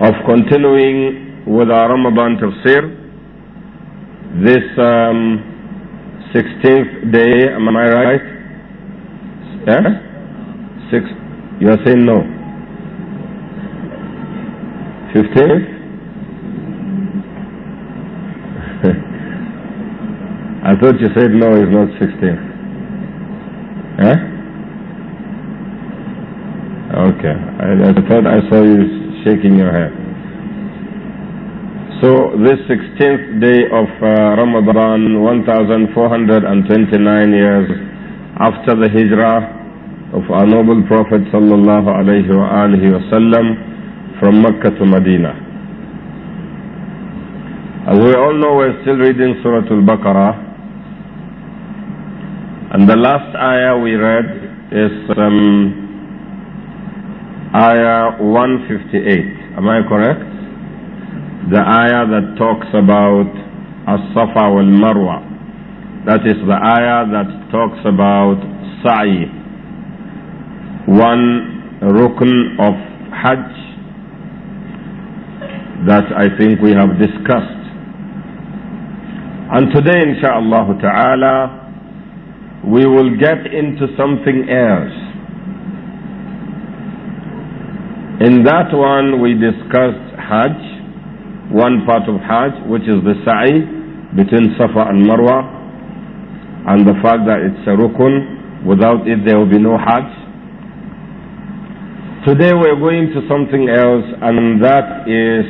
of continuing with our Ramadan tafsir. This um, 16th day, am I right? Yeah? Six. You are saying no. 15th? I thought you said no, it's not 16th. Huh? Okay. I, I thought I saw you shaking your head. So this 16th day of uh, Ramadan, 1429 years after the hijrah of our noble Prophet sallallahu alayhi wa from Mecca to Medina. As we all know, we're still reading Surah Al-Baqarah. And the last ayah we read is um, Ayah 158. Am I correct? The ayah that talks about As-Safa wal Marwa. That is the ayah that talks about Sa'i. One rukn of Hajj that I think we have discussed. And today, insha'Allah ta'ala, we will get into something else In that one, we discussed Hajj, one part of Hajj, which is the sa'i between Safa and Marwa, and the fact that it's a rukun. Without it, there will be no Hajj. Today, we're going to something else, and that is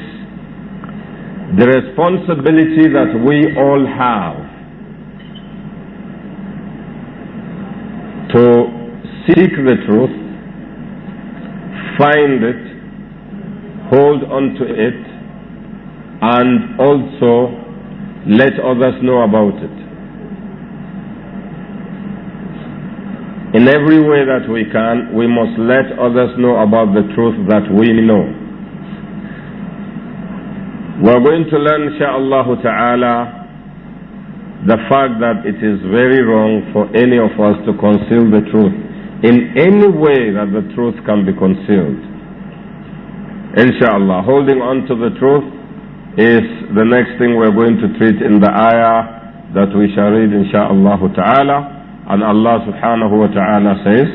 the responsibility that we all have to seek the truth find it, hold on to it, and also let others know about it. In every way that we can, we must let others know about the truth that we know. We're going to learn, insha'Allah ta'ala, the fact that it is very wrong for any of us to conceal the truth in any way that the truth can be concealed. Inshallah, holding on to the truth is the next thing we're going to treat in the ayah that we shall read inshallah ta'ala. And Allah subhanahu wa ta'ala says,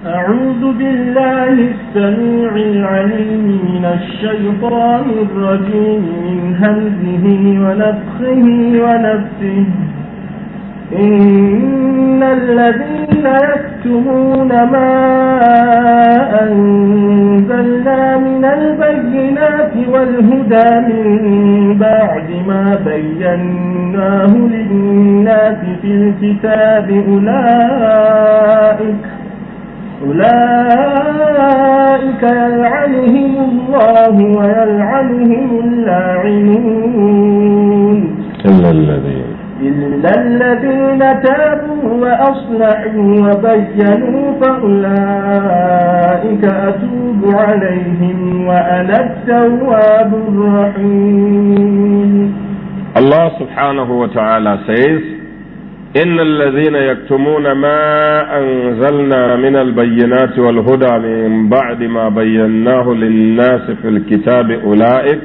أعوذ بالله السميع العليم من الشيطان الرجيم من همزه ونفخه ونفسه إن الذين يكتمون ما أنزلنا من البينات والهدى من بعد ما بيناه للناس في الكتاب أولئك أولئك يلعنهم الله ويلعنهم اللاعنون إلا الذين إلا الذين تابوا وأصلحوا وبينوا فأولئك أتوب عليهم وأنا التواب الرحيم الله سبحانه وتعالى says إن الذين يكتمون ما أنزلنا من البينات والهدى من بعد ما بيناه للناس في الكتاب أولئك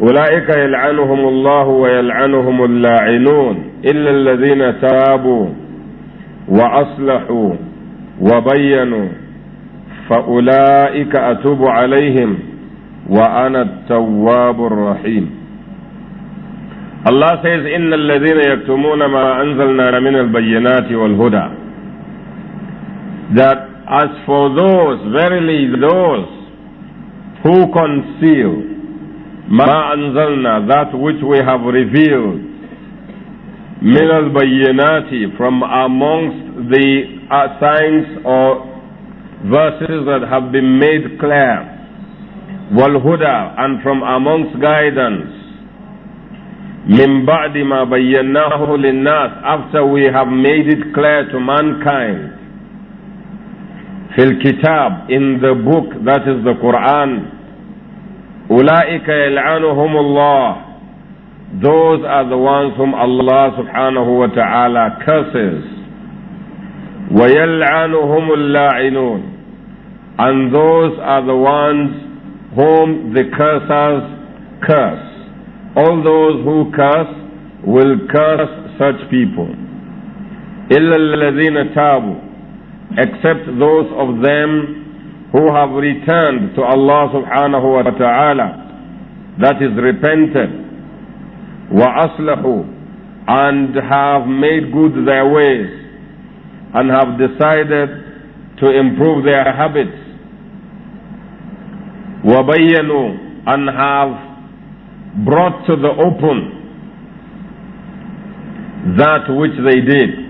أولئك يلعنهم الله ويلعنهم اللاعنون إلا الذين تابوا وأصلحوا وبينوا فأولئك أتوب عليهم وأنا التواب الرحيم الله says إن الذين يكتمون ما أنزلنا من البينات والهدى that as for those verily those who conceal ما أنزلنا that which we have revealed من البينات from amongst the uh, signs or verses that have been made clear والهدى and from amongst guidance من بعد ما بيناه للناس after we have made it clear to mankind في الكتاب in the book that is the Quran أولئك يلعنهم الله Those are the ones whom Allah subhanahu wa ta'ala curses. وَيَلْعَنُهُمُ اللَّاعِنُونَ And those are the ones whom the cursers curse. All those who curse will curse such people. إِلَّا الَّذِينَ تَابُوا Except those of them who have returned to Allah subhanahu wa ta'ala, that is repented, aslahu, and have made good their ways and have decided to improve their habits. وَبَيَّنُوا and have brought to the open that which they did.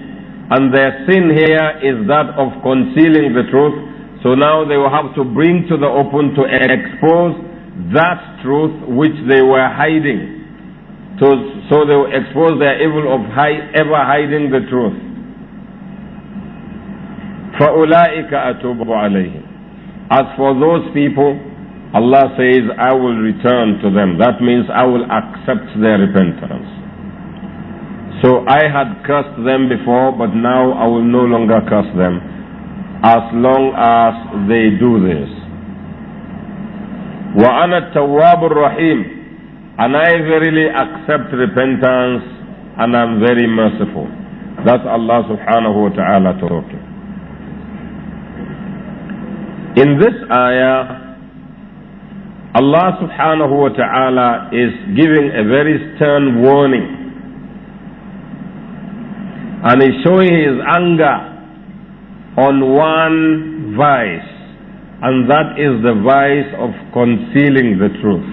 And their sin here is that of concealing the truth so now they will have to bring to the open to expose that truth which they were hiding. So, so they will expose their evil of ever hiding the truth. As for those people, Allah says, I will return to them. That means I will accept their repentance. So I had cursed them before, but now I will no longer curse them as long as they do this. وَأَنَا التَّوَّابُ الرَّحِيمُ And I verily accept repentance and I'm very merciful. That's Allah subhanahu wa ta'ala talking. In this ayah, Allah subhanahu wa ta'ala is giving a very stern warning. And is showing his anger on one vice, and that is the vice of concealing the truth.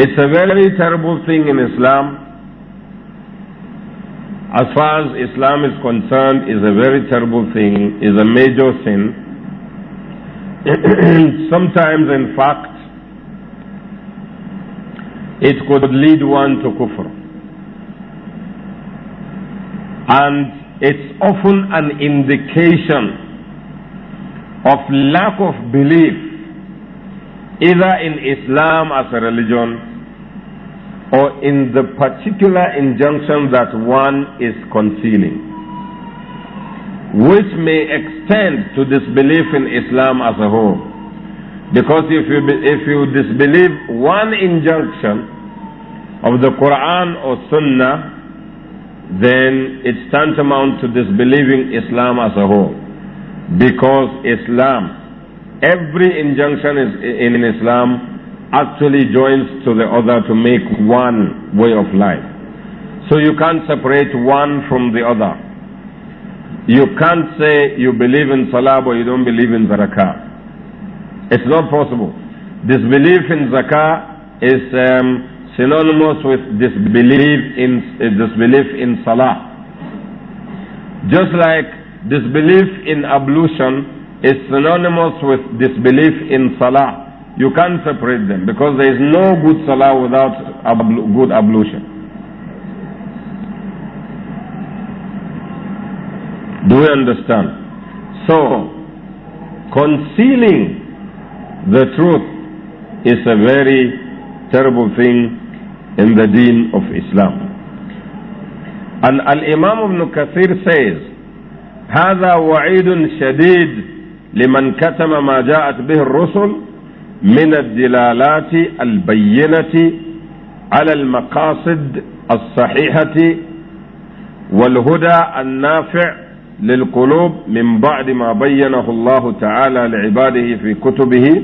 It's a very terrible thing in Islam. As far as Islam is concerned, is a very terrible thing, is a major sin. Sometimes, in fact, it could lead one to kufr. And it's often an indication of lack of belief either in Islam as a religion or in the particular injunction that one is concealing, which may extend to disbelief in Islam as a whole. Because if you, if you disbelieve one injunction of the Quran or Sunnah, then it's tantamount to disbelieving Islam as a whole. Because Islam, every injunction is in Islam actually joins to the other to make one way of life. So you can't separate one from the other. You can't say you believe in Salah but you don't believe in Zakah. It's not possible. Disbelief in Zakah is um, synonymous with disbelief in, uh, disbelief in salah. Just like disbelief in ablution is synonymous with disbelief in salah. You can't separate them because there is no good salah without good ablution. Do you understand? So, concealing the truth is a very terrible thing in the deen of Islam. And Al-Imam ibn Kathir says, هذا وعيد شديد لمن كتم ما جاءت به الرسل من الدلالات البينة على المقاصد الصحيحة والهدى النافع للقلوب من بعد ما بينه الله تعالى لعباده في كتبه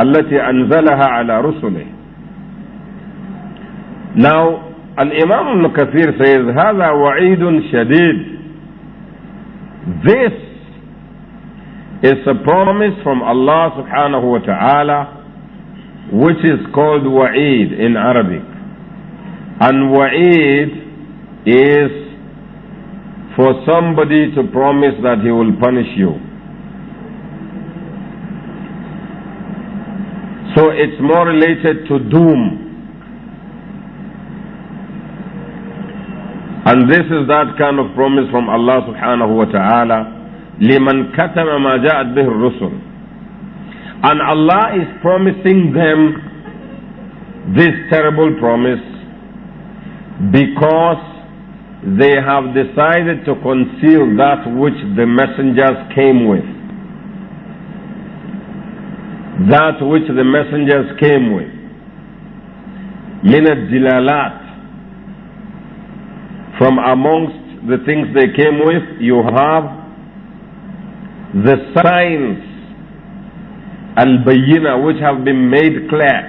التي أنزلها على رسله Now, Al-Imam Ibn Kathir says, هذا وعيد شديد. This is a promise from Allah subhanahu wa ta'ala which is called wa'id in Arabic. And wa'id is for somebody to promise that he will punish you. So it's more related to doom And this is that kind of promise from Allah subhanahu wa ta'ala. لِمَنْ كَتَمَ مَا جَاءَتْ بِهِ الرُّسُلُ And Allah is promising them this terrible promise because they have decided to conceal that which the messengers came with. That which the messengers came with. من الدلالات from amongst the things they came with, you have the signs, al-bayyina, which have been made clear,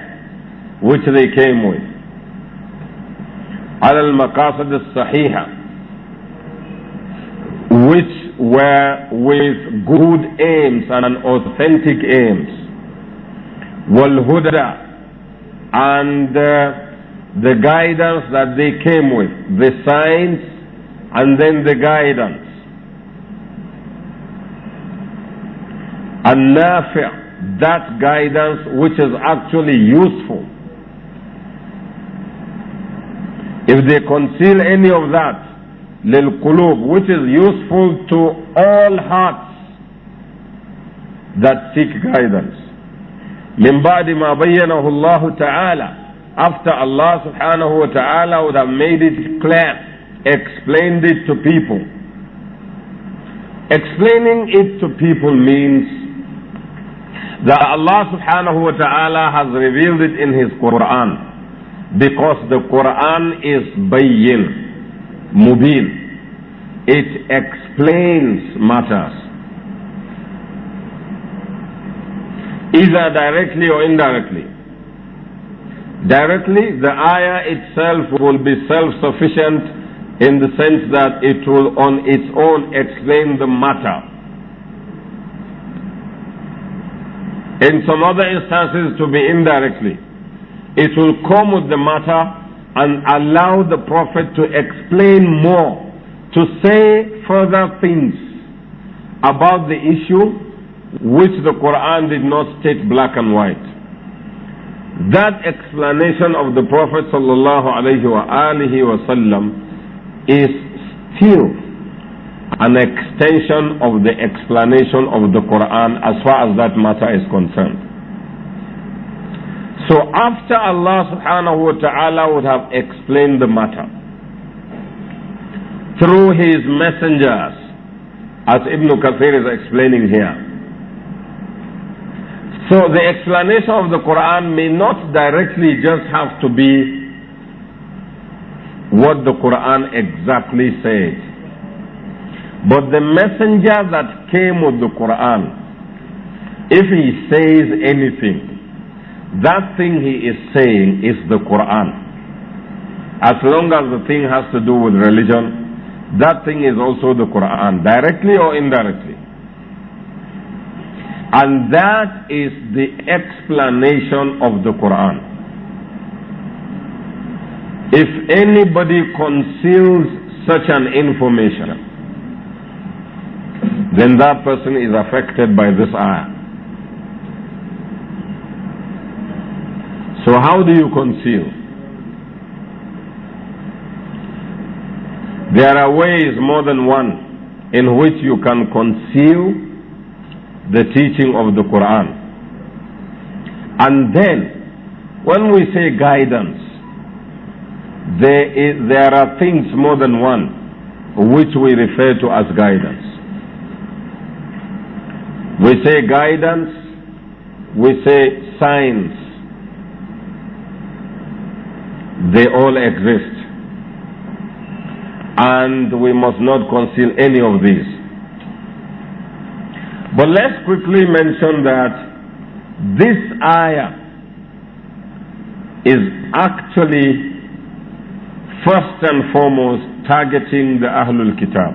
which they came with. على al sahiha, which were with good aims and authentic aims والهدى and uh, the guidance that they came with, the signs and then the guidance. النافع, that guidance which is actually useful. If they conceal any of that, للقلوب, which is useful to all hearts that seek guidance. من بعد ما بينه الله تعالى after Allah subhanahu wa ta'ala would have made it clear, explained it to people. Explaining it to people means that Allah subhanahu wa ta'ala has revealed it in His Quran because the Quran is bayyin, mubin. It explains matters. Either directly or indirectly. Directly, the ayah itself will be self-sufficient in the sense that it will on its own explain the matter. In some other instances, to be indirectly. It will come with the matter and allow the Prophet to explain more, to say further things about the issue which the Quran did not state black and white. That explanation of the Prophet sallallahu is still an extension of the explanation of the Quran as far as that matter is concerned. So after Allah subhanahu wa ta'ala would have explained the matter through his messengers, as Ibn Kathir is explaining here, so the explanation of the Quran may not directly just have to be what the Quran exactly says. But the messenger that came with the Quran, if he says anything, that thing he is saying is the Quran. As long as the thing has to do with religion, that thing is also the Quran, directly or indirectly. And that is the explanation of the Quran. If anybody conceals such an information, then that person is affected by this ayah. So how do you conceal? There are ways more than one in which you can conceal the teaching of the Quran. And then, when we say guidance, there, is, there are things more than one which we refer to as guidance. We say guidance, we say signs. They all exist. And we must not conceal any of these. But let's quickly mention that this ayah is actually first and foremost targeting the Ahlul Kitab,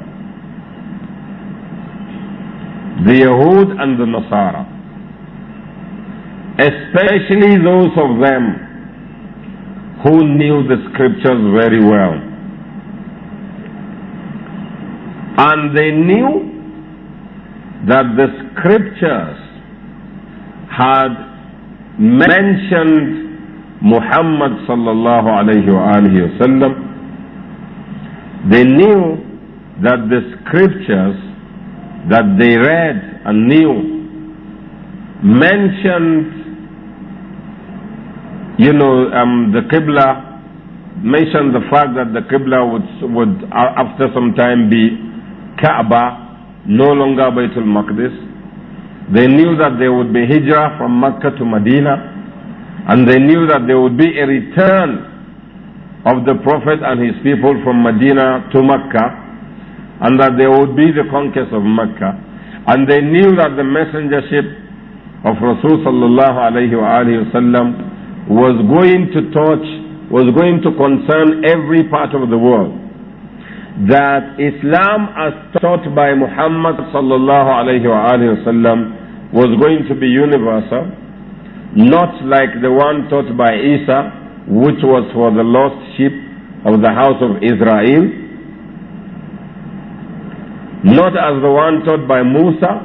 the Yahud and the Nasara, especially those of them who knew the scriptures very well. And they knew that the scriptures had mentioned Muhammad sallallahu alayhi wa They knew that the scriptures that they read and knew mentioned, you know, um, the Qibla, mentioned the fact that the Qibla would, would uh, after some time be Kaaba no longer Baytul Maqdis. They knew that there would be hijrah from Mecca to Medina, and they knew that there would be a return of the Prophet and his people from Medina to Mecca, and that there would be the conquest of Mecca. And they knew that the messengership of Rasulullah sallallahu alayhi wa was going to touch, was going to concern every part of the world that Islam as taught by Muhammad sallallahu alayhi wasallam was going to be universal, not like the one taught by Isa, which was for the lost sheep of the house of Israel, not as the one taught by Musa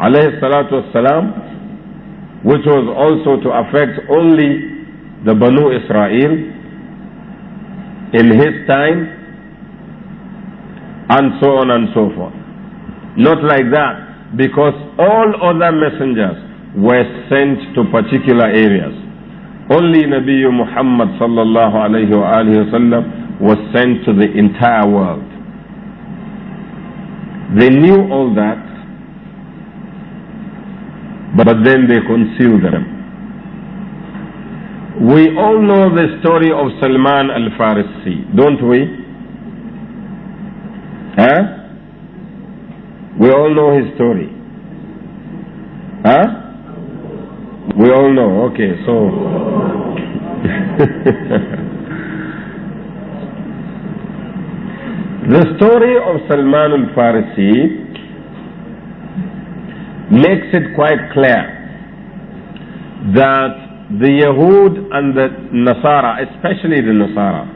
alayhi salatu wasalam, which was also to affect only the Banu Israel in his time, and so on and so forth. Not like that, because all other messengers were sent to particular areas. Only Nabi Muhammad sallallahu alayhi wasallam was sent to the entire world. They knew all that, but then they concealed them. We all know the story of Salman al-Farisi, don't we? Huh? We all know his story. Huh? We all know. Okay, so. the story of Salman al Farisi makes it quite clear that the Yahud and the Nasara, especially the Nasara,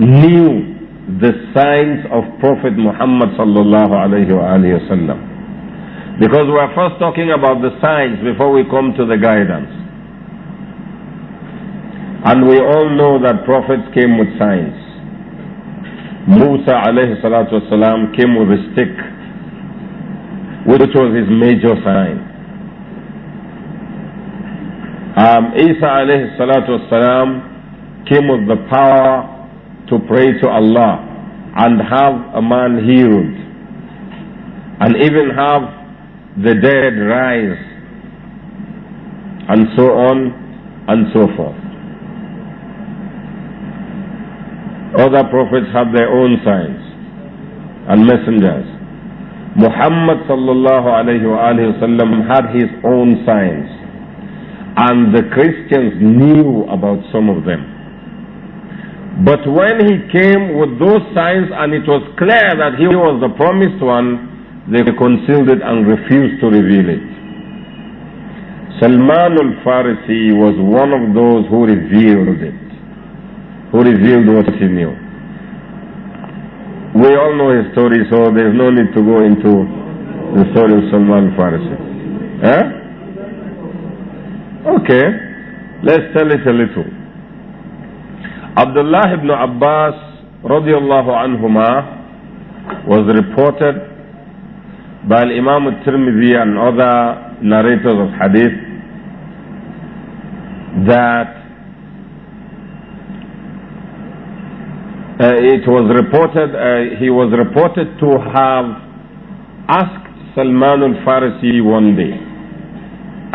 knew the signs of Prophet Muhammad sallallahu alayhi wa Because we are first talking about the signs before we come to the guidance. And we all know that prophets came with signs. Musa alayhi salatu wasalam came with a stick, which was his major sign. Um, Isa alayhi salatu wasalam came with the power to pray to Allah and have a man healed and even have the dead rise and so on and so forth. Other prophets have their own signs and messengers. Muhammad sallallahu alayhi wa had his own signs and the Christians knew about some of them. But when he came with those signs and it was clear that he was the promised one, they concealed it and refused to reveal it. Salman al-Farisi was one of those who revealed it, who revealed what he knew. We all know his story, so there's no need to go into the story of Salman al-Farisi. Eh? Okay, let's tell it a little. Abdullah ibn Abbas radiallahu anhuma was reported by Imam al-Tirmidhi and other narrators of hadith that uh, it was reported, uh, he was reported to have asked Salman al-Farisi one day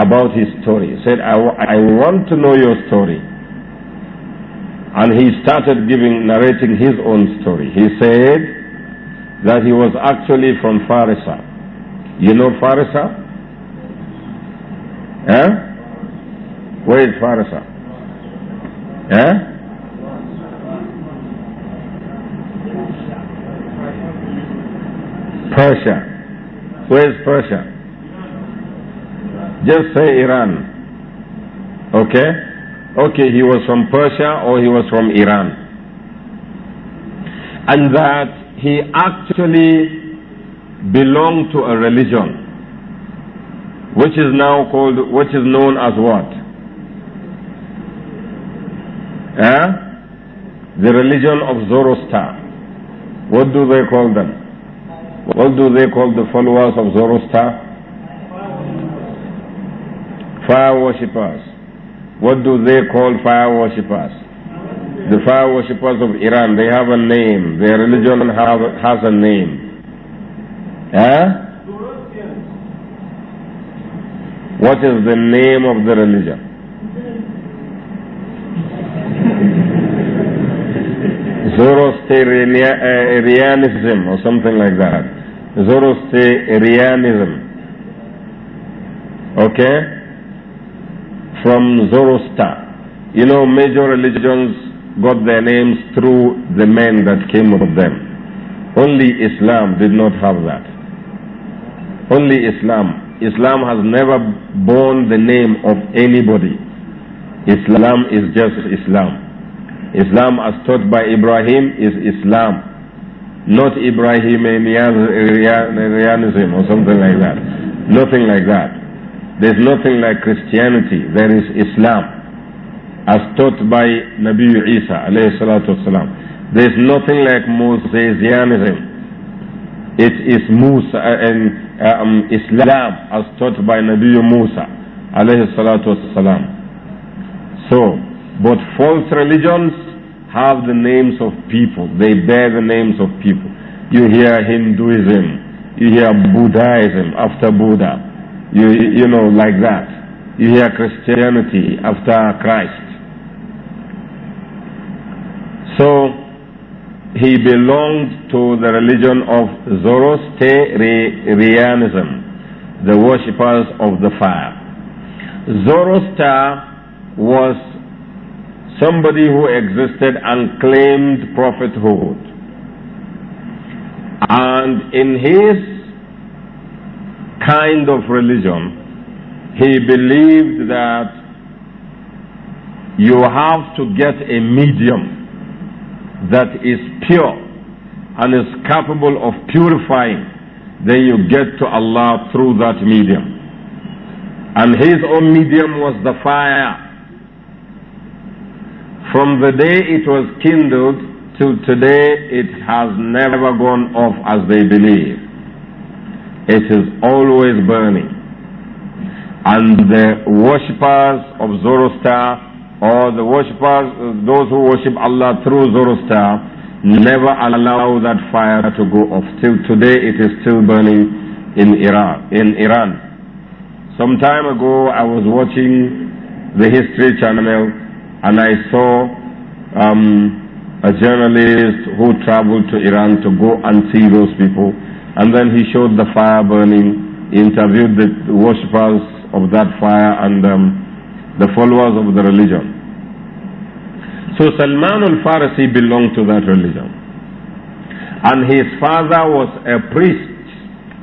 about his story. He said, I want to know your story and he started giving, narrating his own story. He said that he was actually from Farisa. You know Farisa? Eh? Where is Farisa? Eh? Persia. Where is Persia? Just say Iran. Okay? Okay, he was from Persia or he was from Iran. And that he actually belonged to a religion which is now called, which is known as what? Eh? The religion of Zoroaster. What do they call them? What do they call the followers of Zoroaster? Fire worshippers. What do they call fire worshippers? The fire worshippers of Iran, they have a name. Their religion have, has a name. Huh? What is the name of the religion? Zoroastrianism or something like that. Zoroastrianism. Okay? from Zoroaster. You know, major religions got their names through the men that came with them. Only Islam did not have that. Only Islam. Islam has never borne the name of anybody. Islam is just Islam. Islam as taught by Ibrahim is Islam not Ibrahimianism or something like that. Nothing like that. There's nothing like Christianity. There is Islam, as taught by Nabi Isa alayhi salatu wasalam. There's nothing like Mosaisianism. It is Musa and uh, um, um, Islam as taught by Nabi Musa alayhi salatu wasalam. So, but false religions have the names of people. They bear the names of people. You hear Hinduism, you hear Buddhism after Buddha you, you know, like that. You hear Christianity after Christ. So, he belonged to the religion of Zoroastrianism, the worshippers of the fire. Zoroaster was somebody who existed and claimed prophethood. And in his kind of religion, he believed that you have to get a medium that is pure and is capable of purifying, then you get to Allah through that medium. And his own medium was the fire. From the day it was kindled to today, it has never gone off as they believe. It is always burning. And the worshippers of Zoroaster or the worshippers, those who worship Allah through Zoroaster, never allow that fire to go off. Till today it is still burning in Iran. In Iran. Some time ago I was watching the History Channel and I saw um, a journalist who traveled to Iran to go and see those people and then he showed the fire burning, he interviewed the worshippers of that fire and um, the followers of the religion. So Salman al-Farisi belonged to that religion. And his father was a priest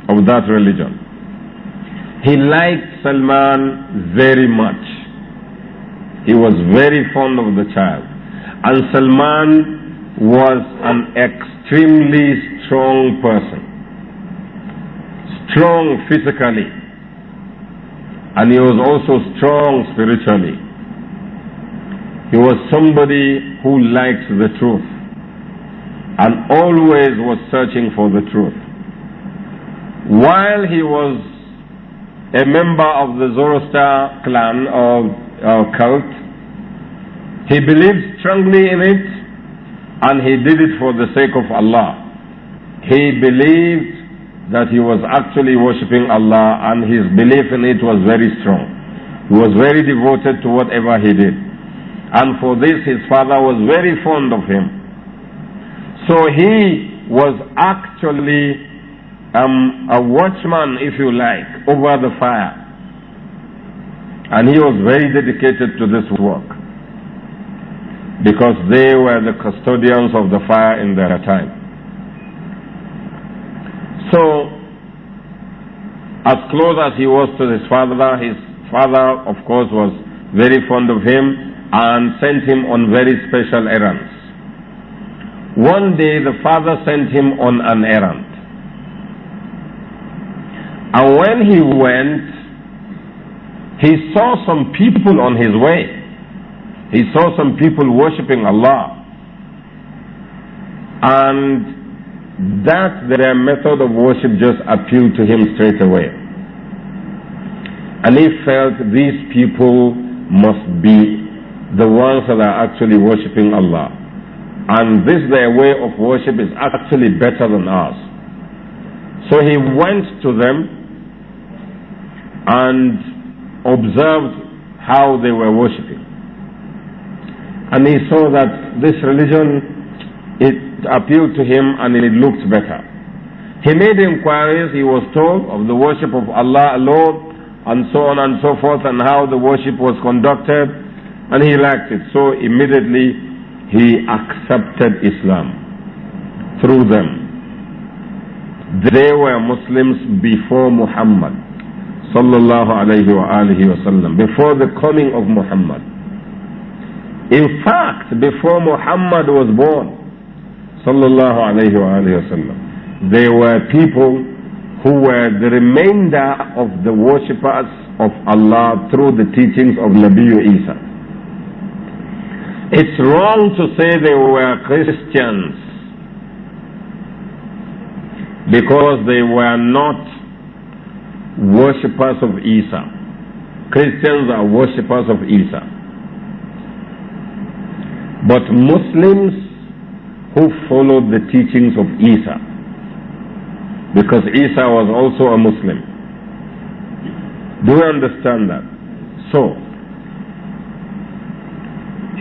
of that religion. He liked Salman very much. He was very fond of the child. And Salman was an extremely strong person strong physically and he was also strong spiritually. He was somebody who liked the truth and always was searching for the truth. While he was a member of the Zoroaster clan or, cult, he believed strongly in it and he did it for the sake of Allah. He believed that he was actually worshipping Allah and his belief in it was very strong. He was very devoted to whatever he did. And for this his father was very fond of him. So he was actually um, a watchman, if you like, over the fire. And he was very dedicated to this work because they were the custodians of the fire in their time. So, as close as he was to his father, his father, of course, was very fond of him and sent him on very special errands. One day, the father sent him on an errand. And when he went, he saw some people on his way. He saw some people worshipping Allah. And that their method of worship just appealed to him straight away. And he felt these people must be the ones that are actually worshipping Allah. And this their way of worship is actually better than ours. So he went to them and observed how they were worshipping. And he saw that this religion, it, appealed to him and it looked better. He made inquiries, he was told, of the worship of Allah alone and so on and so forth and how the worship was conducted and he liked it. So immediately he accepted Islam through them. They were Muslims before Muhammad sallallahu alayhi wa alihi wasallam, before the coming of Muhammad. In fact, before Muhammad was born, sallallahu alayhi wa They were people who were the remainder of the worshippers of Allah through the teachings of Nabi Isa. It's wrong to say they were Christians because they were not worshippers of Isa. Christians are worshippers of Isa. But Muslims who followed the teachings of Isa. Because Isa was also a Muslim. Do you understand that? So,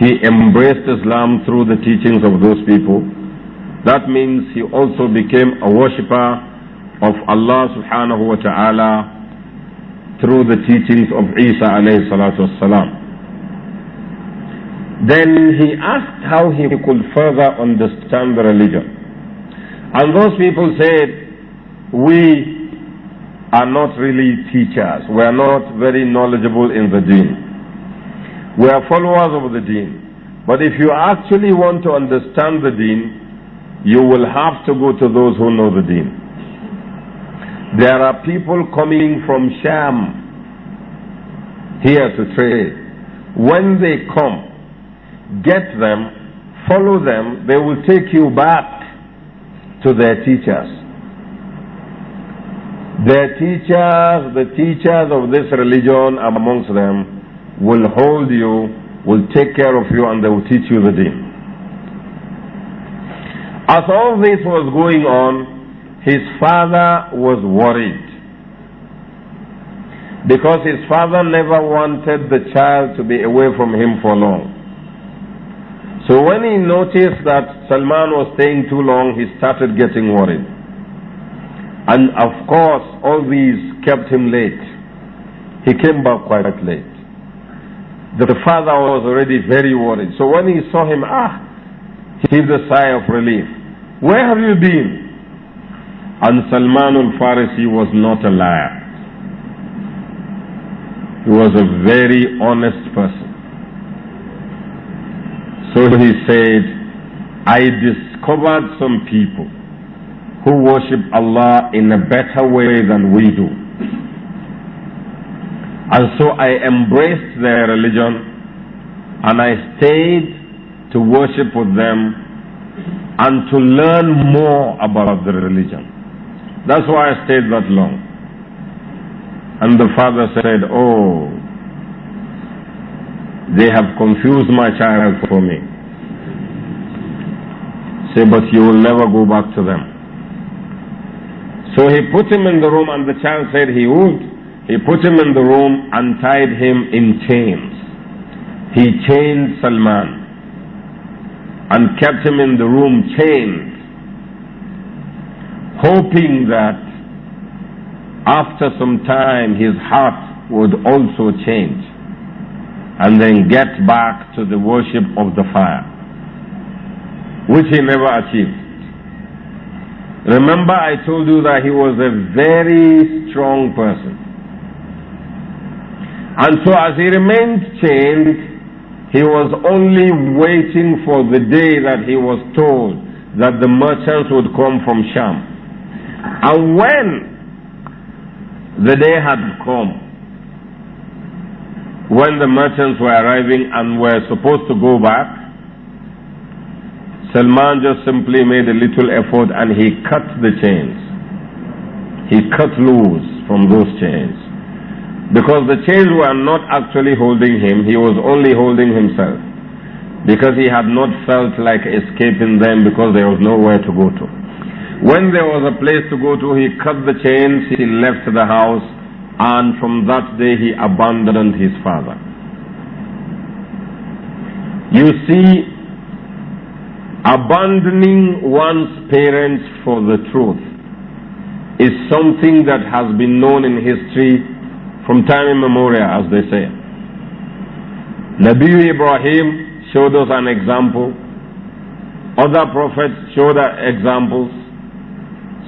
he embraced Islam through the teachings of those people. That means he also became a worshipper of Allah subhanahu wa ta'ala through the teachings of Isa alayhi salatu wasalam. Then he asked how he could further understand the religion. And those people said, we are not really teachers. We are not very knowledgeable in the deen. We are followers of the deen. But if you actually want to understand the deen, you will have to go to those who know the deen. There are people coming from Sham here to trade. When they come, get them, follow them, they will take you back to their teachers. Their teachers, the teachers of this religion amongst them, will hold you, will take care of you, and they will teach you the deen. As all this was going on, his father was worried because his father never wanted the child to be away from him for long. So when he noticed that Salman was staying too long, he started getting worried. And of course, all these kept him late. He came back quite late. The father was already very worried. So when he saw him, ah, he heaved a sigh of relief. Where have you been? And Salman al-Farisi was not a liar. He was a very honest person. And he said, I discovered some people who worship Allah in a better way than we do. And so I embraced their religion and I stayed to worship with them and to learn more about the religion. That's why I stayed that long. And the father said, Oh, they have confused my child for me say, but you will never go back to them. So he put him in the room and the child said he would. He put him in the room and tied him in chains. He chained Salman and kept him in the room chained, hoping that after some time his heart would also change and then get back to the worship of the fire which he never achieved. Remember, I told you that he was a very strong person. And so, as he remained chained, he was only waiting for the day that he was told that the merchants would come from Sham. And when the day had come, when the merchants were arriving and were supposed to go back, Salman just simply made a little effort and he cut the chains. He cut loose from those chains. Because the chains were not actually holding him, he was only holding himself. Because he had not felt like escaping them because there was nowhere to go to. When there was a place to go to, he cut the chains, he left the house, and from that day he abandoned his father. You see, Abandoning one's parents for the truth is something that has been known in history from time immemorial, as they say. Nabi Ibrahim showed us an example. Other prophets showed us examples.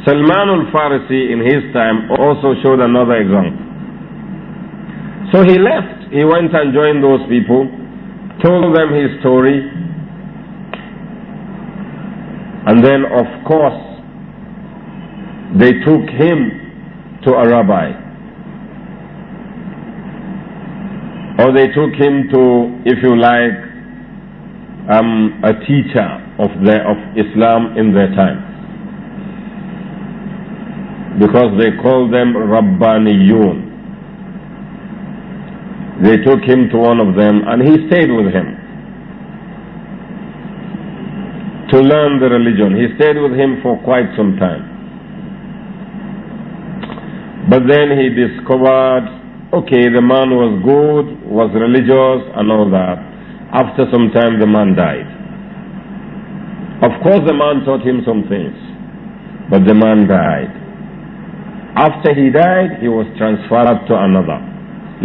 Salman al-Farisi in his time also showed another example. So he left. He went and joined those people, told them his story, and then, of course, they took him to a rabbi. Or they took him to, if you like, um, a teacher of, the, of Islam in their time. Because they called them Rabbaniyun. They took him to one of them and he stayed with him. to learn the religion. He stayed with him for quite some time. But then he discovered, okay, the man was good, was religious, and all that. After some time, the man died. Of course, the man taught him some things, but the man died. After he died, he was transferred to another.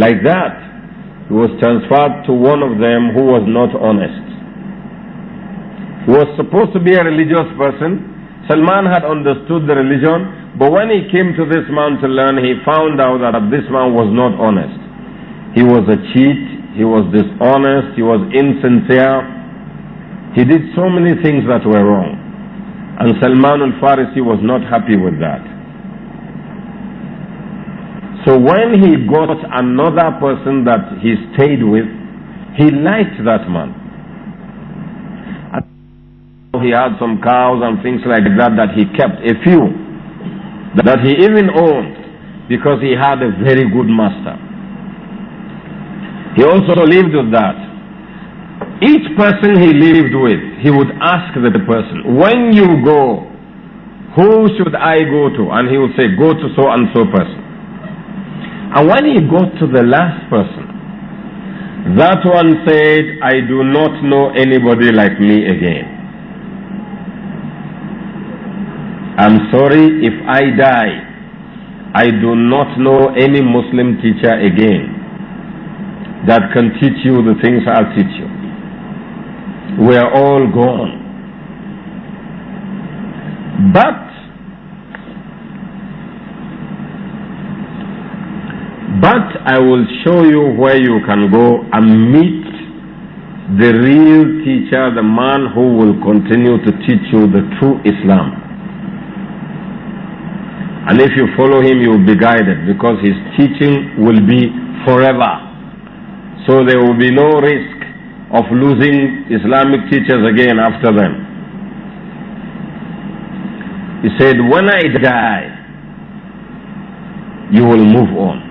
Like that, he was transferred to one of them who was not honest was supposed to be a religious person. Salman had understood the religion, but when he came to this man to learn, he found out that this man was not honest. He was a cheat, he was dishonest, he was insincere. He did so many things that were wrong. And Salman al-Farisi was not happy with that. So when he got another person that he stayed with, he liked that man he had some cows and things like that that he kept, a few that he even owned because he had a very good master. He also lived with that. Each person he lived with, he would ask the person, When you go, who should I go to? And he would say, Go to so and so person. And when he got to the last person, that one said, I do not know anybody like me again. I'm sorry if I die, I do not know any Muslim teacher again that can teach you the things I teach you. We are all gone. But but I will show you where you can go and meet the real teacher, the man who will continue to teach you the true Islam. And if you follow him, you will be guided because his teaching will be forever. So there will be no risk of losing Islamic teachers again after them. He said, When I die, you will move on.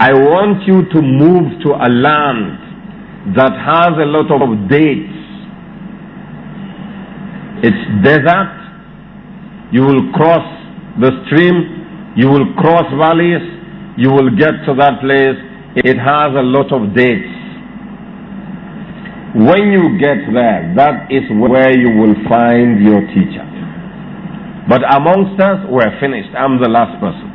I want you to move to a land that has a lot of dates. It's desert. You will cross the stream, you will cross valleys, you will get to that place. It has a lot of dates. When you get there, that is where you will find your teacher. But amongst us, we're finished. I'm the last person.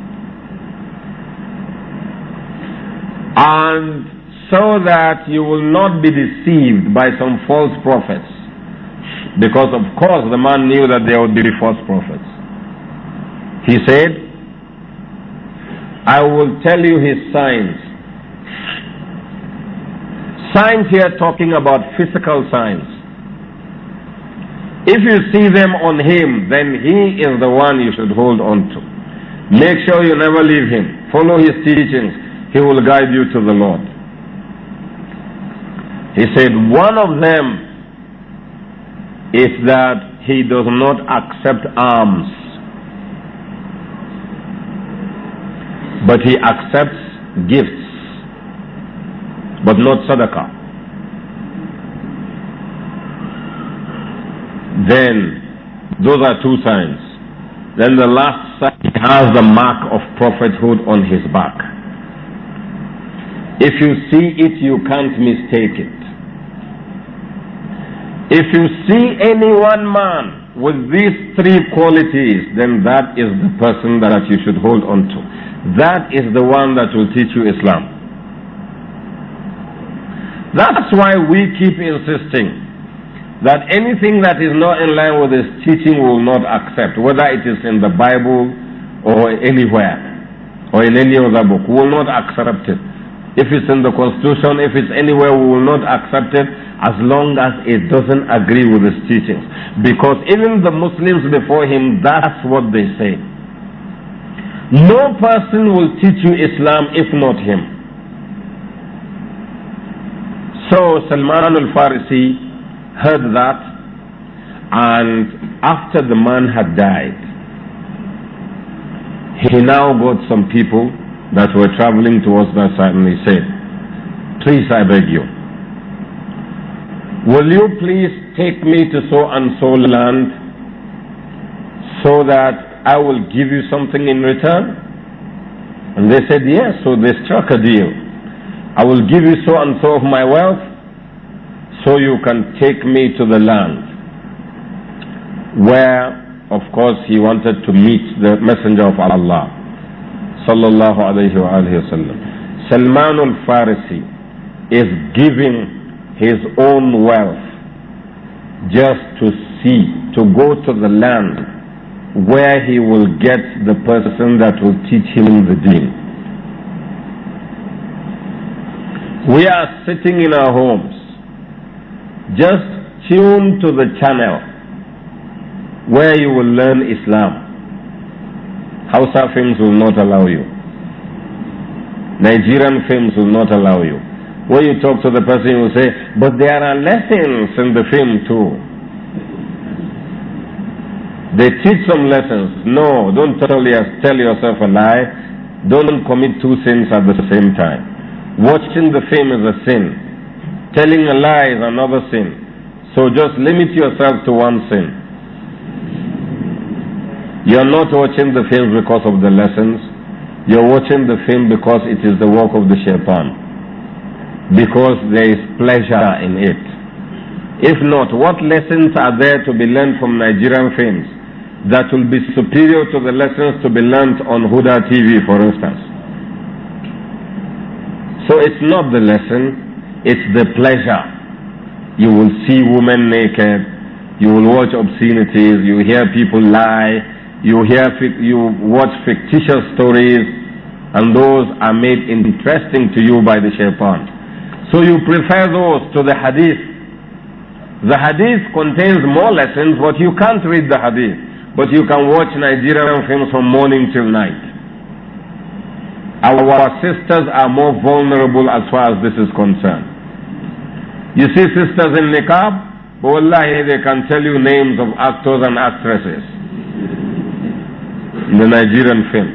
And so that you will not be deceived by some false prophets. Because, of course, the man knew that there would be false prophets. He said, I will tell you his signs. Signs here talking about physical signs. If you see them on him, then he is the one you should hold on to. Make sure you never leave him. Follow his teachings. He will guide you to the Lord. He said, one of them is that he does not accept alms. But he accepts gifts, but not sadaqah. Then, those are two signs. Then the last sign, he has the mark of prophethood on his back. If you see it, you can't mistake it. If you see any one man with these three qualities, then that is the person that you should hold on to. That is the one that will teach you Islam. That's why we keep insisting that anything that is not in line with his teaching will not accept, whether it is in the Bible or anywhere or in any other book, will not accept it. If it's in the Constitution, if it's anywhere, we will not accept it as long as it doesn't agree with his teachings. Because even the Muslims before him, that's what they say. No person will teach you Islam if not him. So Salman al Farisi heard that, and after the man had died, he now got some people that were traveling towards that side and he said, Please, I beg you, will you please take me to so and so land so that I will give you something in return? And they said, Yes. So they struck a deal. I will give you so and so of my wealth so you can take me to the land where, of course, he wanted to meet the Messenger of Allah. Sallallahu alayhi wa sallam. Salman al Farisi is giving his own wealth just to see, to go to the land where he will get the person that will teach him the deen. We are sitting in our homes. Just tune to the channel where you will learn Islam. Hausa films will not allow you. Nigerian films will not allow you. When you talk to the person, you will say, but there are lessons in the film too. They teach some lessons. No, don't tell, tell yourself a lie. Don't commit two sins at the same time. Watching the film is a sin. Telling a lie is another sin. So just limit yourself to one sin. You're not watching the film because of the lessons. You're watching the film because it is the work of the shaitan. Because there is pleasure in it. If not, what lessons are there to be learned from Nigerian films? that will be superior to the lessons to be learnt on Huda TV, for instance. So it's not the lesson, it's the pleasure. You will see women naked, you will watch obscenities, you hear people lie, you hear you watch fictitious stories, and those are made interesting to you by the shaitan. So you prefer those to the hadith. The hadith contains more lessons, but you can't read the hadith. But you can watch Nigerian films from morning till night. Our sisters are more vulnerable as far as this is concerned. You see sisters in niqab, but wallahi they can tell you names of actors and actresses in the Nigerian film.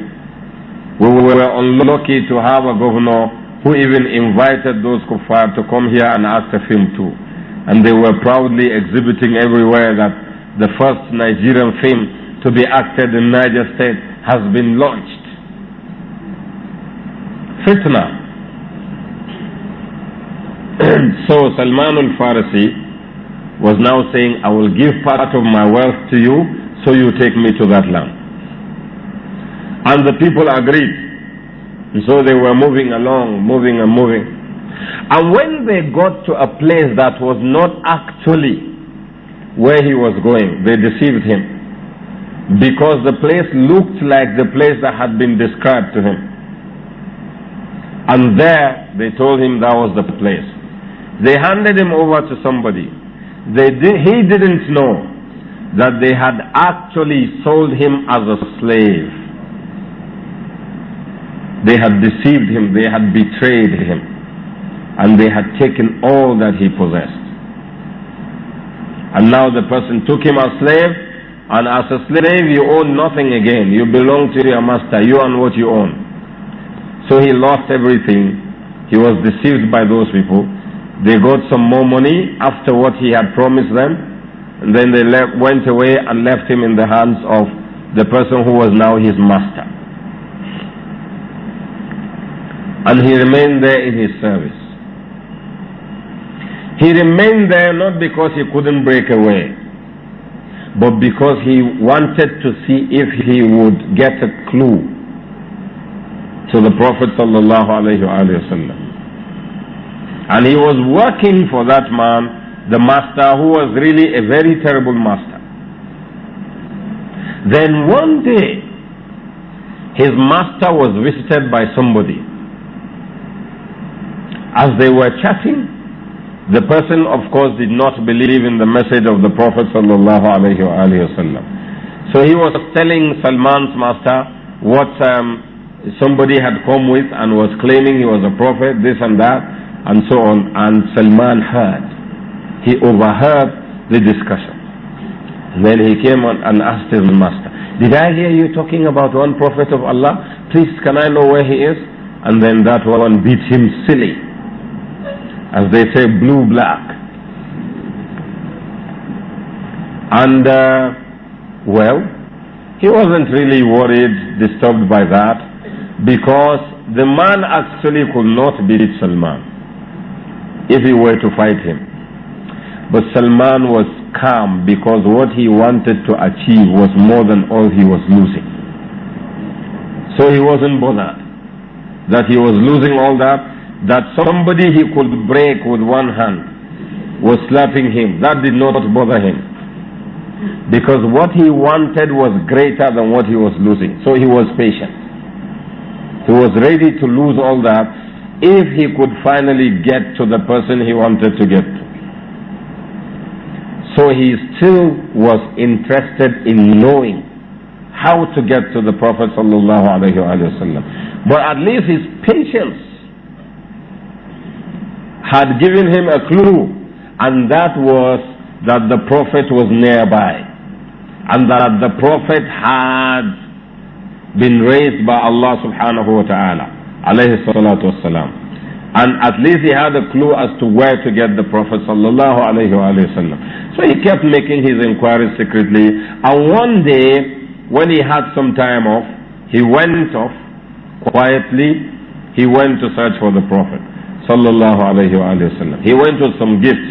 We were unlucky to have a governor who even invited those kuffar to come here and act a film too. And they were proudly exhibiting everywhere that the first Nigerian film to be acted in Niger State has been launched. Fitna. so Salman al-Farisi was now saying, I will give part of my wealth to you, so you take me to that land. And the people agreed. And so they were moving along, moving and moving. And when they got to a place that was not actually where he was going. They deceived him because the place looked like the place that had been described to him. And there they told him that was the place. They handed him over to somebody. They he didn't know that they had actually sold him as a slave. They had deceived him, they had betrayed him, and they had taken all that he possessed. And now the person took him as slave, and as a slave you own nothing again. You belong to your master, you own what you own. So he lost everything. He was deceived by those people. They got some more money after what he had promised them, and then they went away and left him in the hands of the person who was now his master. And he remained there in his service. He remained there not because he couldn't break away, but because he wanted to see if he would get a clue to the Prophet sallallahu and he was working for that man, the master who was really a very terrible master. Then one day, his master was visited by somebody. As they were chatting, the person, of course, did not believe in the message of the Prophet ﷺ. So he was telling Salman's master what um, somebody had come with and was claiming he was a prophet, this and that, and so on. And Salman heard. He overheard the discussion. And then he came and asked his master, Did I hear you talking about one prophet of Allah? Please, can I know where he is? And then that one beat him silly as they say, blue black. And, uh, well, he wasn't really worried, disturbed by that, because the man actually could not beat Salman if he were to fight him. But Salman was calm because what he wanted to achieve was more than all he was losing. So he wasn't bothered that he was losing all that that somebody he could break with one hand was slapping him. That did not bother him. Because what he wanted was greater than what he was losing. So he was patient. He was ready to lose all that if he could finally get to the person he wanted to get to. So he still was interested in knowing how to get to the Prophet But at least his patience had given him a clue, and that was that the Prophet was nearby, and that the Prophet had been raised by Allah subhanahu wa ta'ala, alayhi salatu wasalam. And at least he had a clue as to where to get the Prophet sallallahu alayhi wa So he kept making his inquiries secretly, and one day, when he had some time off, he went off quietly, he went to search for the Prophet sallallahu alayhi wa sallam. He went with some gifts,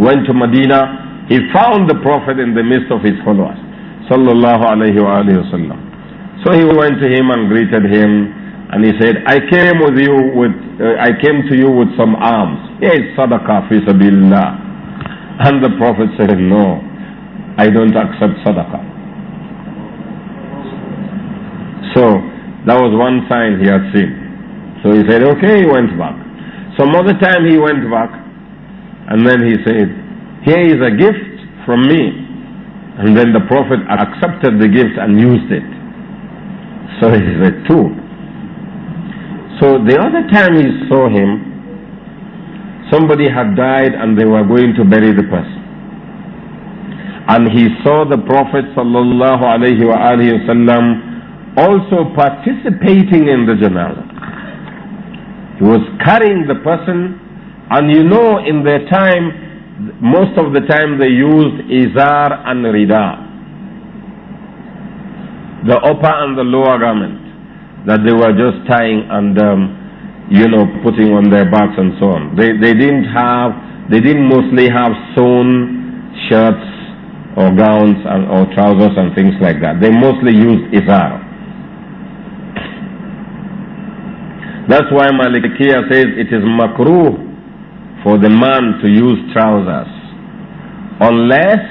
went to Medina, he found the Prophet in the midst of his followers, sallallahu alayhi wa sallam. So he went to him and greeted him, and he said, I came with you with, uh, I came to you with some arms. Yes, sadaqah fi sabilillah. And the Prophet said, no, I don't accept sadaqah. So, that was one sign he had seen. So he said, okay, he went back. Some other time he went back and then he said, Here is a gift from me. And then the Prophet accepted the gift and used it. So he said, Two. So the other time he saw him, somebody had died and they were going to bury the person. And he saw the Prophet sallallahu alaihi wasallam also participating in the janazah. He was carrying the person, and you know in their time, most of the time they used izar and rida, the upper and the lower garment that they were just tying and um, you know putting on their backs and so on. They they didn't have they didn't mostly have sewn shirts or gowns and, or trousers and things like that. They mostly used izar. That's why Malikiya says it is makruh for the man to use trousers unless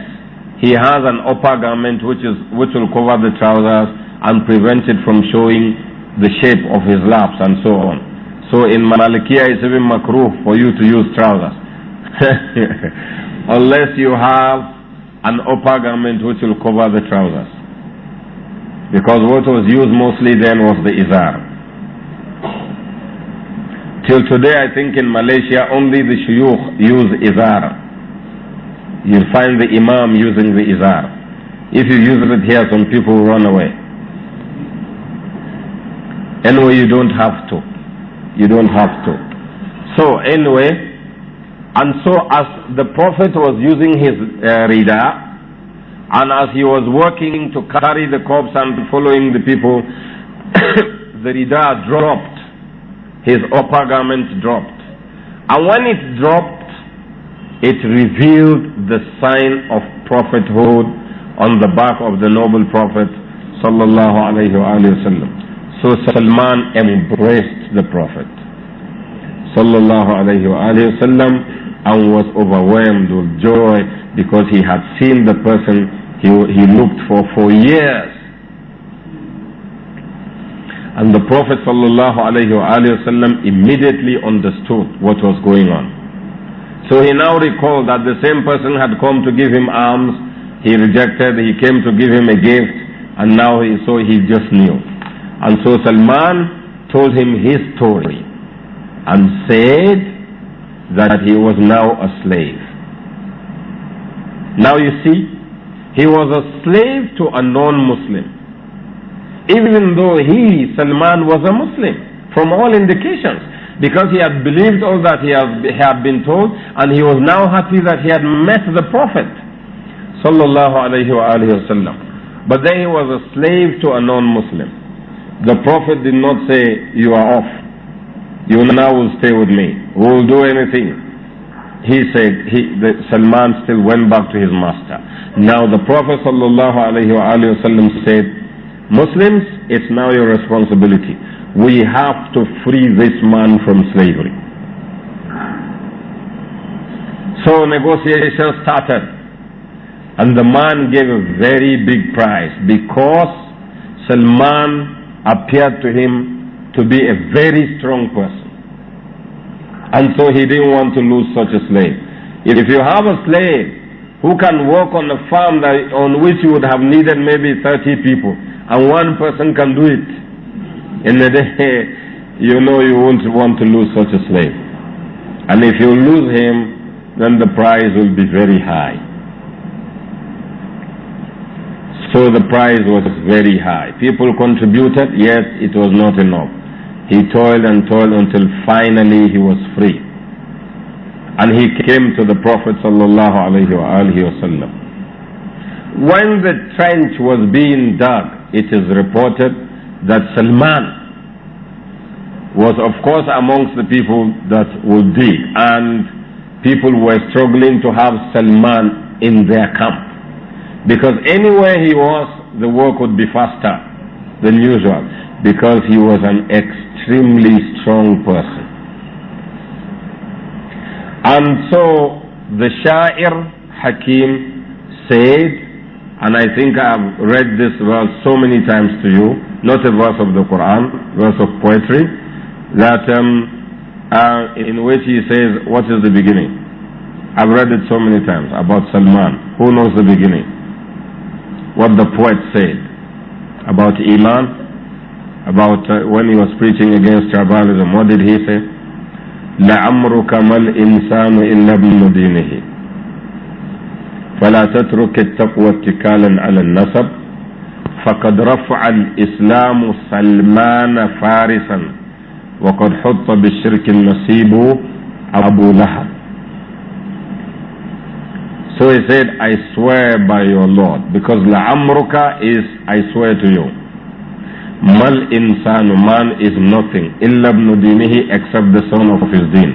he has an upper garment which is which will cover the trousers and prevent it from showing the shape of his laps and so on. So in Malikiya it's even makruh for you to use trousers. unless you have an upper garment which will cover the trousers. Because what was used mostly then was the izar. Till today, I think in Malaysia, only the shuyukh use izar. You'll find the imam using the izar. If you use it here, some people run away. Anyway, you don't have to. You don't have to. So, anyway, and so as the Prophet was using his uh, rida, and as he was working to carry the corpse and following the people, the rida dropped his upper garment dropped. And when it dropped, it revealed the sign of prophethood on the back of the noble prophet sallallahu alayhi sallam. So Salman embraced the prophet sallallahu alayhi sallam, and was overwhelmed with joy because he had seen the person he, he looked for for years. And the Prophet ﷺ immediately understood what was going on. So he now recalled that the same person had come to give him alms, he rejected, he came to give him a gift, and now he, so he just knew. And so Salman told him his story and said that he was now a slave. Now you see, he was a slave to a non-Muslim even though he, Salman, was a Muslim, from all indications, because he had believed all that he had, he had been told, and he was now happy that he had met the Prophet, sallallahu alayhi wa But then he was a slave to a non-Muslim. The Prophet did not say, you are off. You now will stay with me. We will do anything. He said, he, the, Salman still went back to his master. Now the Prophet sallallahu alayhi wa said, Muslims, it's now your responsibility. We have to free this man from slavery. So negotiations started. And the man gave a very big price because Salman appeared to him to be a very strong person. And so he didn't want to lose such a slave. If you have a slave who can work on a farm that, on which you would have needed maybe 30 people and one person can do it in a day you know you won't want to lose such a slave and if you lose him then the price will be very high so the price was very high people contributed yet it was not enough he toiled and toiled until finally he was free and he came to the Prophet sallallahu When the trench was being dug, it is reported that Salman was of course amongst the people that would dig and people were struggling to have Salman in their camp because anywhere he was the work would be faster than usual because he was an extremely strong person and so the Sha'ir Hakim said, and I think I've read this verse so many times to you, not a verse of the Quran, verse of poetry, that um, uh, in which he says, what is the beginning? I've read it so many times about Salman. Who knows the beginning? What the poet said about Iman, about uh, when he was preaching against tribalism. What did he say? لعمرك ما الإنسان إلا بمدينه فلا تترك التقوى اتكالا على النسب فقد رفع الإسلام سلمان فارسا وقد حط بالشرك النصيب أبو لهب So he said, I swear by your Lord, because Amruka is I swear to you. Mal insanu, man is nothing. Illa ibn dinihi, except the son of his deen.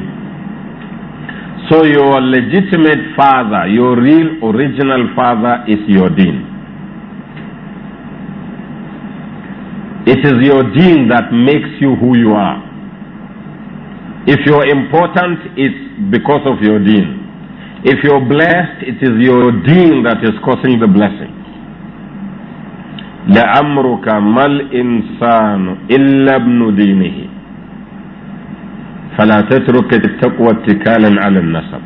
So your legitimate father, your real original father is your deen. It is your deen that makes you who you are. If you're important, it's because of your deen. If you're blessed, it is your deen that is causing the blessing. ما الإنسان إلا ابن دينه فلا تترك التقوى اتكالا على النسب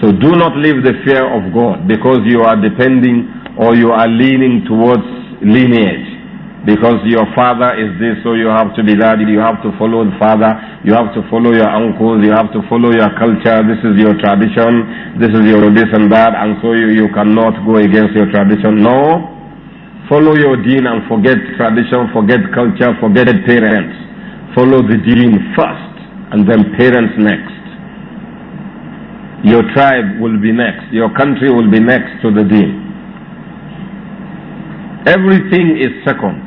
So do not leave the fear of God because you are depending or you are leaning towards lineage. Because your father is this, so you have to be that, you have to follow the father, you have to follow your uncles, you have to follow your culture, this is your tradition, this is your this and that, and so you, you cannot go against your tradition. No, Follow your deen and forget tradition, forget culture, forget parents. Follow the deen first and then parents next. Your tribe will be next. Your country will be next to the deen. Everything is second.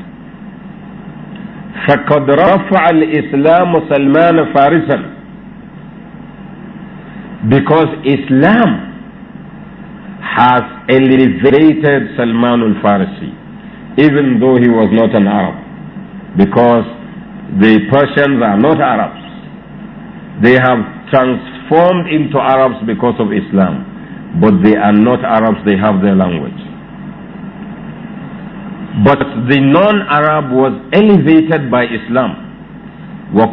فقد رفع الإسلام سلمان فارسا because Islam has elevated Salman al-Farsi even though he was not an Arab, because the Persians are not Arabs. They have transformed into Arabs because of Islam, but they are not Arabs, they have their language. But the non-Arab was elevated by Islam. The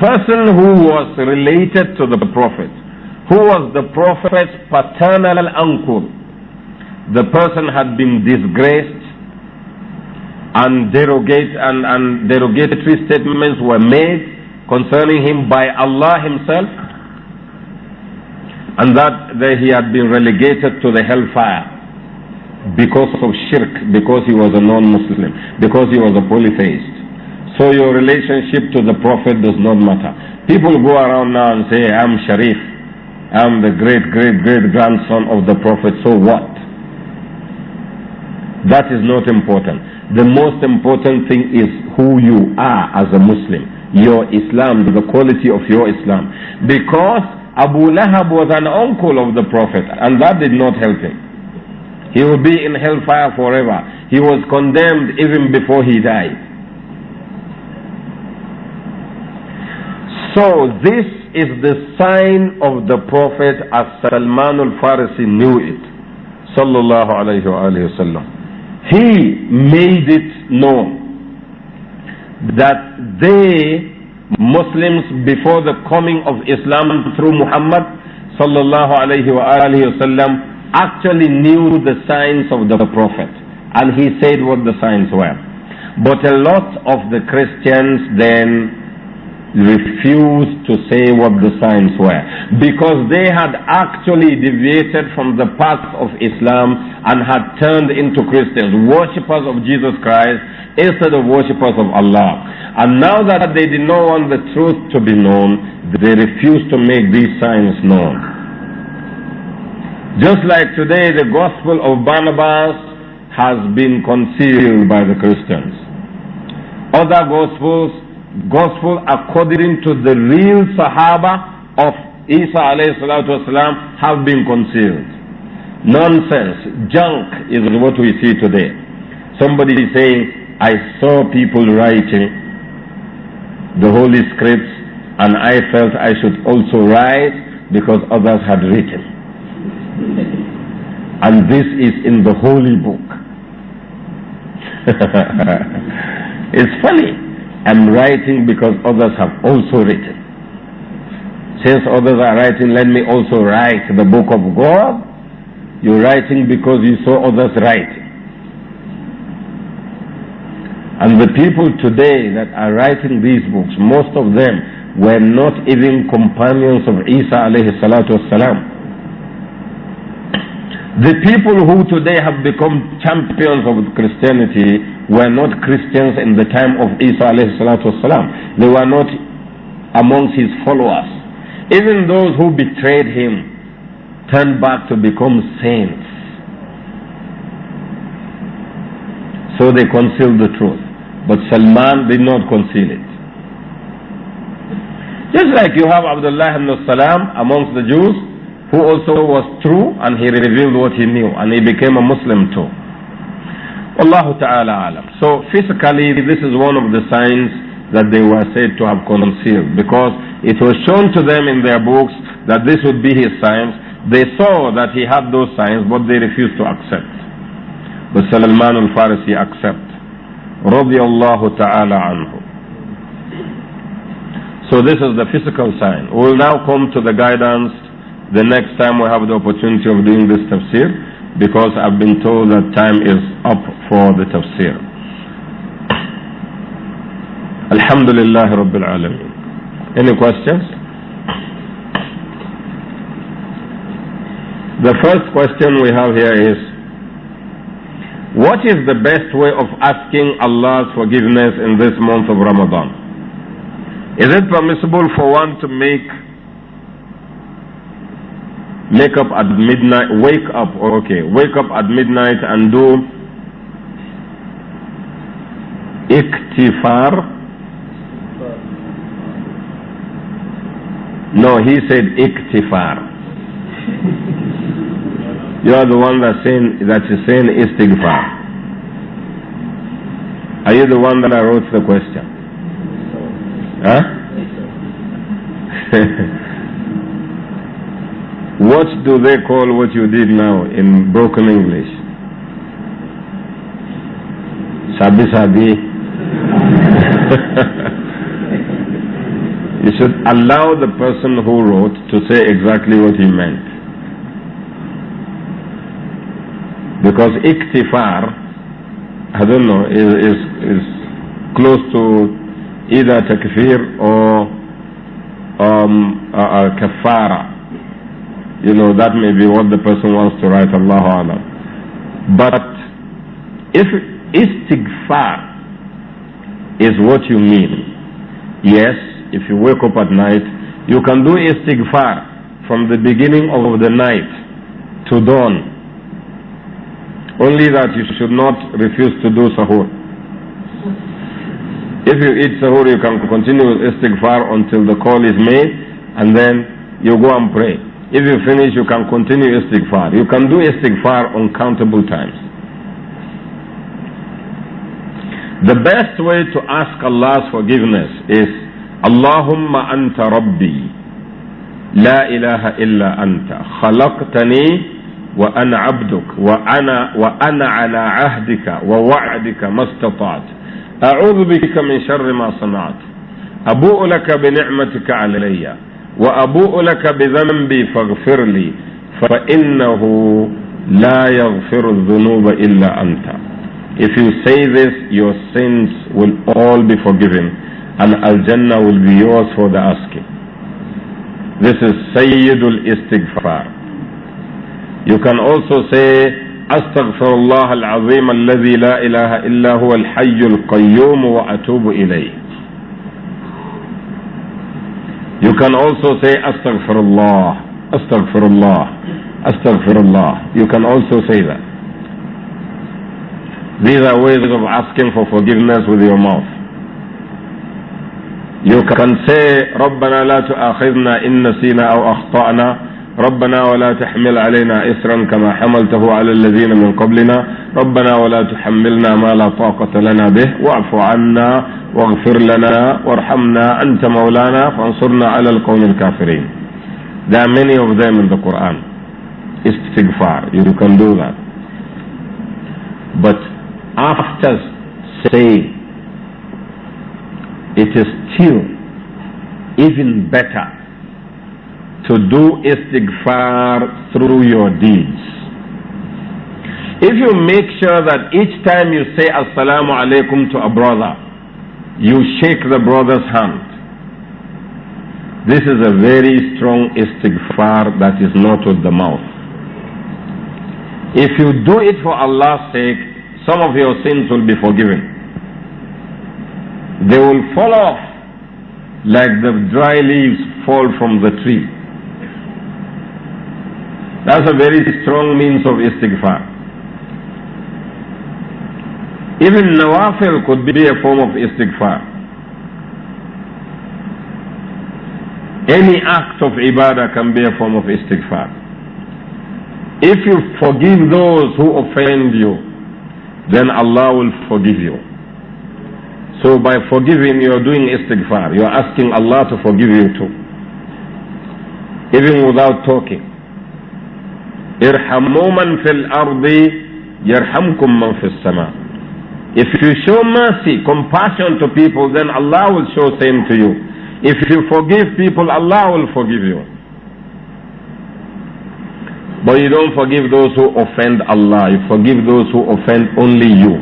person who was related to the Prophet, who was the Prophet's paternal uncle, the person had been disgraced and, derogate, and, and derogatory statements were made concerning him by Allah himself and that, that he had been relegated to the hellfire because of shirk, because he was a non-Muslim, because he was a polytheist. So your relationship to the Prophet does not matter. People go around now and say, I'm Sharif, I'm the great, great, great grandson of the Prophet, so what? That is not important. The most important thing is who you are as a Muslim. Your Islam, the quality of your Islam. Because Abu Lahab was an uncle of the Prophet and that did not help him. He will be in hellfire forever. He was condemned even before he died. So this is the sign of the Prophet as Salman al-Farisi knew it. Sallallahu alayhi wa sallam he made it known that they, Muslims before the coming of Islam through Muhammad sallallahu alaihi wa actually knew the signs of the Prophet and he said what the signs were. But a lot of the Christians then refused to say what the signs were because they had actually deviated from the path of Islam and had turned into Christians, worshippers of Jesus Christ instead of worshippers of Allah. And now that they did not want the truth to be known, they refused to make these signs known. Just like today, the gospel of Barnabas has been concealed by the Christians. Other gospels gospel according to the real Sahaba of Isa alayhi salatu wasalam have been concealed. Nonsense, junk is what we see today. Somebody is saying, I saw people writing the holy scripts and I felt I should also write because others had written. and this is in the holy book. it's funny am writing because others have also written. Since others are writing, let me also write the book of God. You're writing because you saw others writing. And the people today that are writing these books, most of them were not even companions of Isa alayhi salatu wasalam. The people who today have become champions of Christianity were not Christians in the time of Isa والسلام. They were not amongst his followers. Even those who betrayed him turned back to become saints. So they concealed the truth. But Salman did not conceal it. Just like you have Abdullah ibn Salam amongst the Jews, who also was true and he revealed what he knew and he became a Muslim too. Allahu ta'ala alam. So physically, this is one of the signs that they were said to have concealed because it was shown to them in their books that this would be his signs. They saw that he had those signs, but they refused to accept. But Salman al-Farisi accepted. رضي الله تعالى So this is the physical sign. We'll now come to the guidance the next time we have the opportunity of doing this tafsir because I've been told that time is up for the tafsir. Alhamdulillah Rabbil Alameen. Any questions? The first question we have here is What is the best way of asking Allah's forgiveness in this month of Ramadan? Is it permissible for one to make make up at midnight, wake up, okay, wake up at midnight and do iktifar. No, he said iktifar. you are the one that's saying that is saying istighfar. Are you the one that I wrote the question? Huh? What do they call what you did now in broken English? Sabi sabi. you should allow the person who wrote to say exactly what he meant. Because iktifar, I don't know, is, is, is close to either takfir or um, uh, uh kafara. You know, that may be what the person wants to write, Allahu Alam. But if istighfar is what you mean, yes, if you wake up at night, you can do istighfar from the beginning of the night to dawn. Only that you should not refuse to do sahur. If you eat sahur, you can continue with istighfar until the call is made, and then you go and pray. If you finish, you can continue istighfar. You can do istighfar uncountable times. The best way to ask Allah's forgiveness is Allahumma anta rabbi la ilaha illa anta khalaqtani wa ana abduk wa ana wa ana ala ahdika wa wa'dika mastata't a'udhu bika min sharri ma sana't abu'u laka bi وأبوء لك بذنبي فاغفر لي فإنه لا يغفر الذنوب إلا أنت If you say this, your sins will all be forgiven and Al-Jannah will be yours for the asking. This is Sayyidul Istighfar. You can also say, أستغفر الله العظيم الذي لا إله إلا هو الحي القيوم وأتوب إليه. You can also say astaghfirullah, astaghfirullah, astaghfirullah. You can also say that. These are ways of asking for forgiveness with your mouth. You can say ربنا لا تؤاخذنا إن نسينا أو أخطأنا ربنا ولا تحمل علينا إسرا كما حملته على الذين من قبلنا ربنا ولا تحملنا ما لا طاقة لنا به واعف عنا واغفر لنا وارحمنا أنت مولانا فانصرنا على القوم الكافرين There are many of them in the Quran. Istighfar, you can do that. But after saying, it is still even better to do istighfar through your deeds. If you make sure that each time you say assalamu alaikum to a brother, you shake the brother's hand. This is a very strong istighfar that is not with the mouth. If you do it for Allah's sake, some of your sins will be forgiven. They will fall off like the dry leaves fall from the tree. That's a very strong means of istighfar. Even nawafil could be a form of istighfar. Any act of ibadah can be a form of istighfar. If you forgive those who offend you, then Allah will forgive you. So by forgiving, you are doing istighfar. You are asking Allah to forgive you too. Even without talking. Irhamu man fil ardi, yarhamkum man fil sama. If you show mercy, compassion to people, then Allah will show same to you. If you forgive people, Allah will forgive you. But you don't forgive those who offend Allah. You forgive those who offend only you.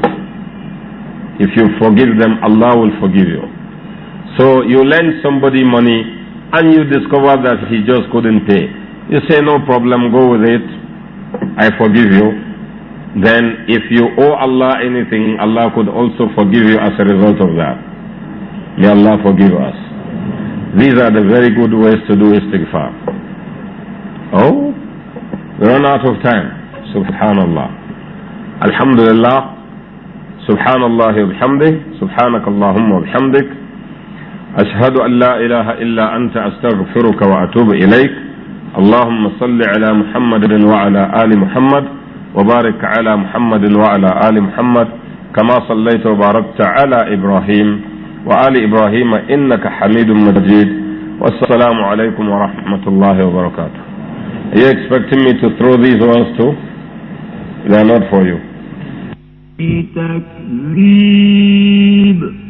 If you forgive them, Allah will forgive you. So you lend somebody money and you discover that he just couldn't pay. You say, no problem, go with it. I forgive you, then if you owe Allah anything, Allah could also forgive you as a result of that. May Allah forgive us. These are the very good ways to do istighfar. Oh, we run out of time. Subhanallah. Alhamdulillah. Subhanallah wa bihamdih. Subhanak Allahumma wa bihamdik. أشهد أن لا إله إلا أنت أستغفرك وأتوب إليك اللهم صل على محمد وعلى آل محمد وبارك على محمد وعلى آل محمد كما صليت وباركت على إبراهيم وآل إبراهيم إنك حميد مجيد والسلام عليكم ورحمة الله وبركاته Are you expecting me to throw these ones too? They are not for you. تكذيب